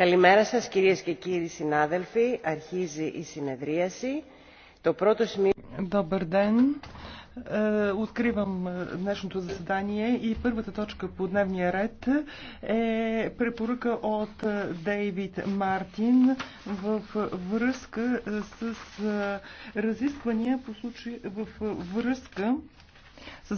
Καλημέρα σας κυρίες και κύριοι συνάδελφοι. Αρχίζει η συνεδρίαση. Το πρώτο σημείο... Добър ден! Е, откривам е, днешното заседание и първата точка по дневния ред е препоръка от е, Дейвид Мартин в връзка с разисквания по случай в връзка